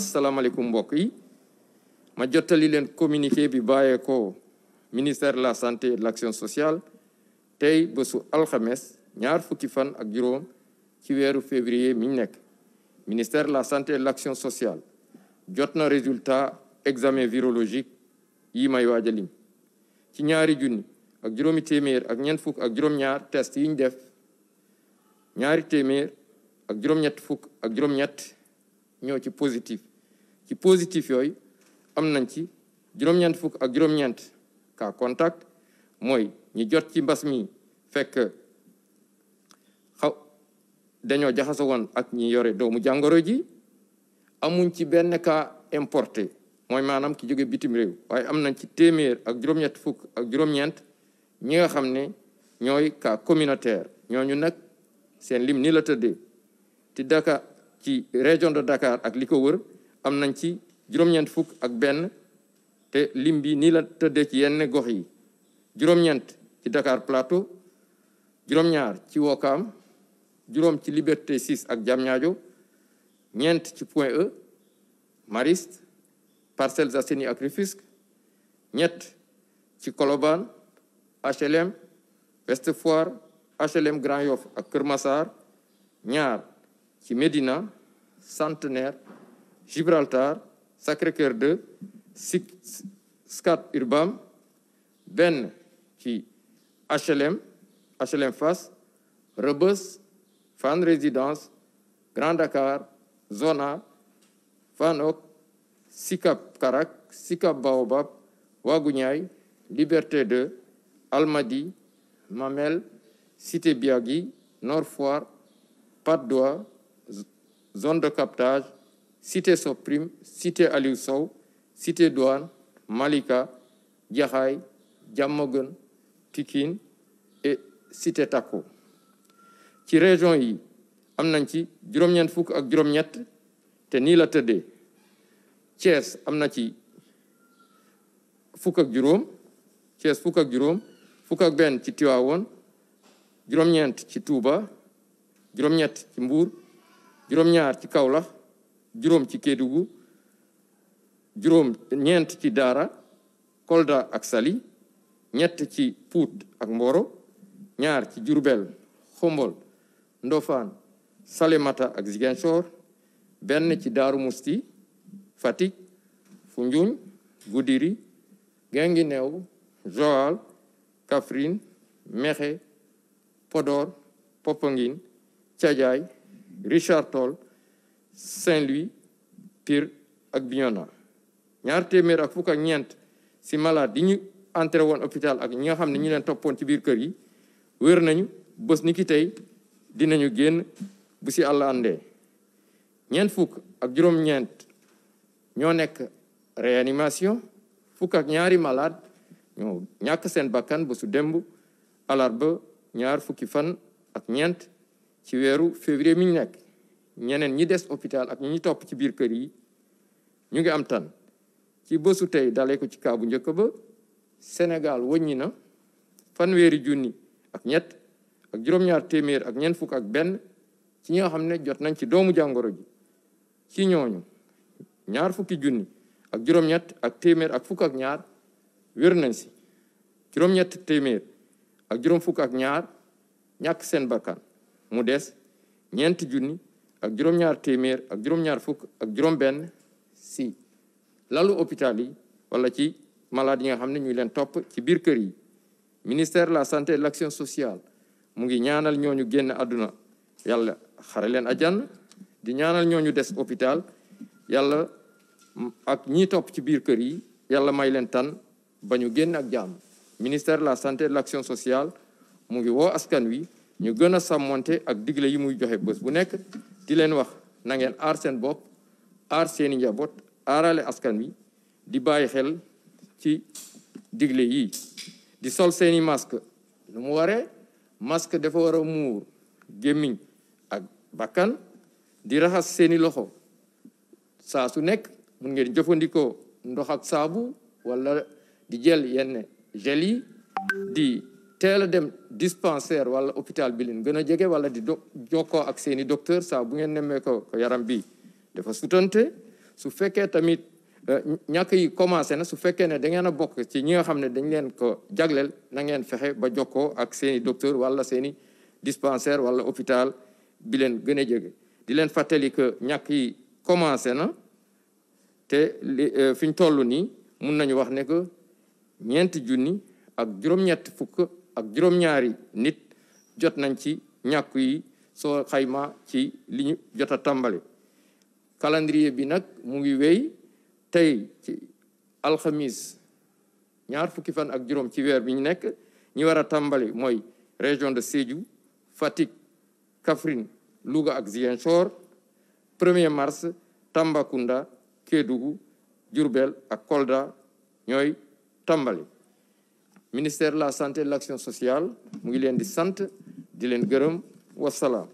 asalaamaaleykum mbokk yi ma jottali leen communique bi bàyyeekoo ministère de la santé et de l'action sociale tey bésu alxames ñaar fukki fan ak juróom ci weeru février mi nekk ministère de la santé de l'action sociale jot na résultat examen virologique yi may waaj a ci ñaari junni ak juróomi téeméer ak ñeent fukk ak juróom-ñaar test yi ñu def ñaari téeméer ak juróom-ñett fukk ak juróom-ñett ñoo ci positif ci positif yooyu am nañ ci juróom-ñeent fukk ak juróom-ñeent cas contact mooy ñi jot ci mbas mi fekk dañoo jaxasoo ak ñi yore doomu jàngoro ji amuñ ci benn cas importé mooy maanaam ki jóge bitim réew waaye am nañ ci téeméer ak juróom fukk ak juróom-ñeent ñi nga xam ne ñooy cas communautaire ñooñu nag seen lim ni la tëddee ti Dakar ci région de dakaar ak li ko wër am nañ ci juróom-ñeent fukk ak benn te lim bi nii la tëddee ci yenn gox yi juróom-ñeent ci Dakar Plateau juróom-ñaar ci Wokam juróom ci Liberté 6 ak Diamniadio ñeent ci Point E Mariste Parcelles Assainies ak Rufisque ñett ci Colobane HLM Ouest Foire HLM Grand Yoff ak Kër Massar ñaar ci Médina Centenaire Gibraltar Sacré-Cœur 2 Scat Urbam benn ci HLM HLM Fass Rebeuss Fann Résidence Grand Dakar Zona Fann Hock Sicap Karak Sicap Baobab Waguñaay Liberté 2 Almadies Mamelles Cité Biagui Nord Foire Patte zone de captage cité Soprim cité Aliou Sow cité Douane Malika Jaxaay Diamaguène Pikine et cité Takko ci région yi am nañ ci juróom-ñeent fukk ak juróom-ñett te nii la tëdde Thiès am na ci fukk ak juróom Thiès fukk ak juróom fukk ak benn ci Tiwaawoon juróom-ñeent ci Touba juróom-ñett ci Mbour juróom-ñaar ci Kaolack juróom ci Kédougou juróom ñeent ci Daara Kolda ak Saly ñett ci puut ak Mboro ñaar ci Diourbel Khombol Ndofane Salémata ak Ziguinchor benn ci Daaru Musti Fatick Foundiougne Goudiri Guinguinéo Joal Kaffrine Mékhé Podor Popenguine Thiadiaye Richard Toll Saint-Louis Pire ak Bignona ñaar téeméer ak fukk ak ñeent si malade yi ñu entré woon hôpital ak ñi nga xam ne ñu leen toppoon ci biir kër yi wér nañu bës ni ki tey dinañu génn bu ci àll àndee ñeent fukk ak juróom-ñeent ñoo nekk réanimation fukk ak ñaari malade ñoo ñàkk seen bakkan ba démb demb ba ñaar fukki fan ak ñeent ci weeru février mi ñu nekk ñeneen ñi des hôpital ak ñi topp ci biir kër yi ñu ngi am tan ci bësu tey dale ko ci kaa bu njëkk ba Sénégal wëññi na fanweeri junni ak ñett ak juróom-ñaar téeméer ak ñeent fukk ak benn ci ñoo xam ne jot nañ ci doomu jàngoro ci ñooñu ñaar fukki ak juróom-ñett fukk ak wér nañ si juróom-ñett téeméer ak juróom fukk ak ñaar ñàkk seen bakkan mu des ñeent junni ak juróom-ñaar ak juróom fukk ak juróom-benn si lalu hôpital yi wala ci malade yi nga xam ne ñu leen topp ci biir kër yi ministère la santé de l'action sociale mu ngi ñaanal ñoo ñu génn àdduna yàlla xare leen àjjana di ñaanal ñoo ñu des hôpital yàlla ak ñi topp ci biir kër yi yàlla may leen tan ba ñu génn ak jàmm ministère la santé de l'action sociale mu ngi woo askan wi ñu gën a sàmmonte ak digle yi muy joxe bës bu nekk di leen wax nangeen ngeen aar seen bopp aar seeni njaboot aarale askan wi di bàyyi xel ci digle yi di sol seeni masque nu mu waree masque dafa war a muur gémmiñ ak bakkan di raxas seeni loxo saa su nekk mun ngeen jëfandikoo ndox ak saabu wala di jël yenn gel yi di teel a dem dispensaire wala hôpital bi leen gën a jege wala di jokkoo ak seeni docteur saa bu ngeen nemmee ko yaram bi dafa sutante su fekkee tamit eh, ñàkk yi commencé na su fekkee ne da ngeen a bokk ci ñi nga xam ne dañ leen ko jagleel na ngeen fexe ba jokkoo ak seeni docteur wala seeni dispensaire wala hôpital bi leen gën a jege di leen fàttali que ñàkk yi commencé na te eh, fi ñu toll nii mun nañu wax ne que ñeenti junni ak juróom-ñett fukk ak juróom-ñaari nit jot nañ ci ñàkku yi soo xayma ci li ñu jot a tàmbale calendrier bi nag mu ngi wéy tey ci alxamis ñaar fukki fan ak juróom ci weer bi ñu nekk ñi war a tàmbali mooy région de Sédhiou Fatick Kaffrine Louga ak Ziguinchor 1er mars Tambacounda Kédougou Diourbel ak Kolda ñooy tàmbali ministère la santé de l'action sociale mu ngi leen di sant di leen gërëm wasalaam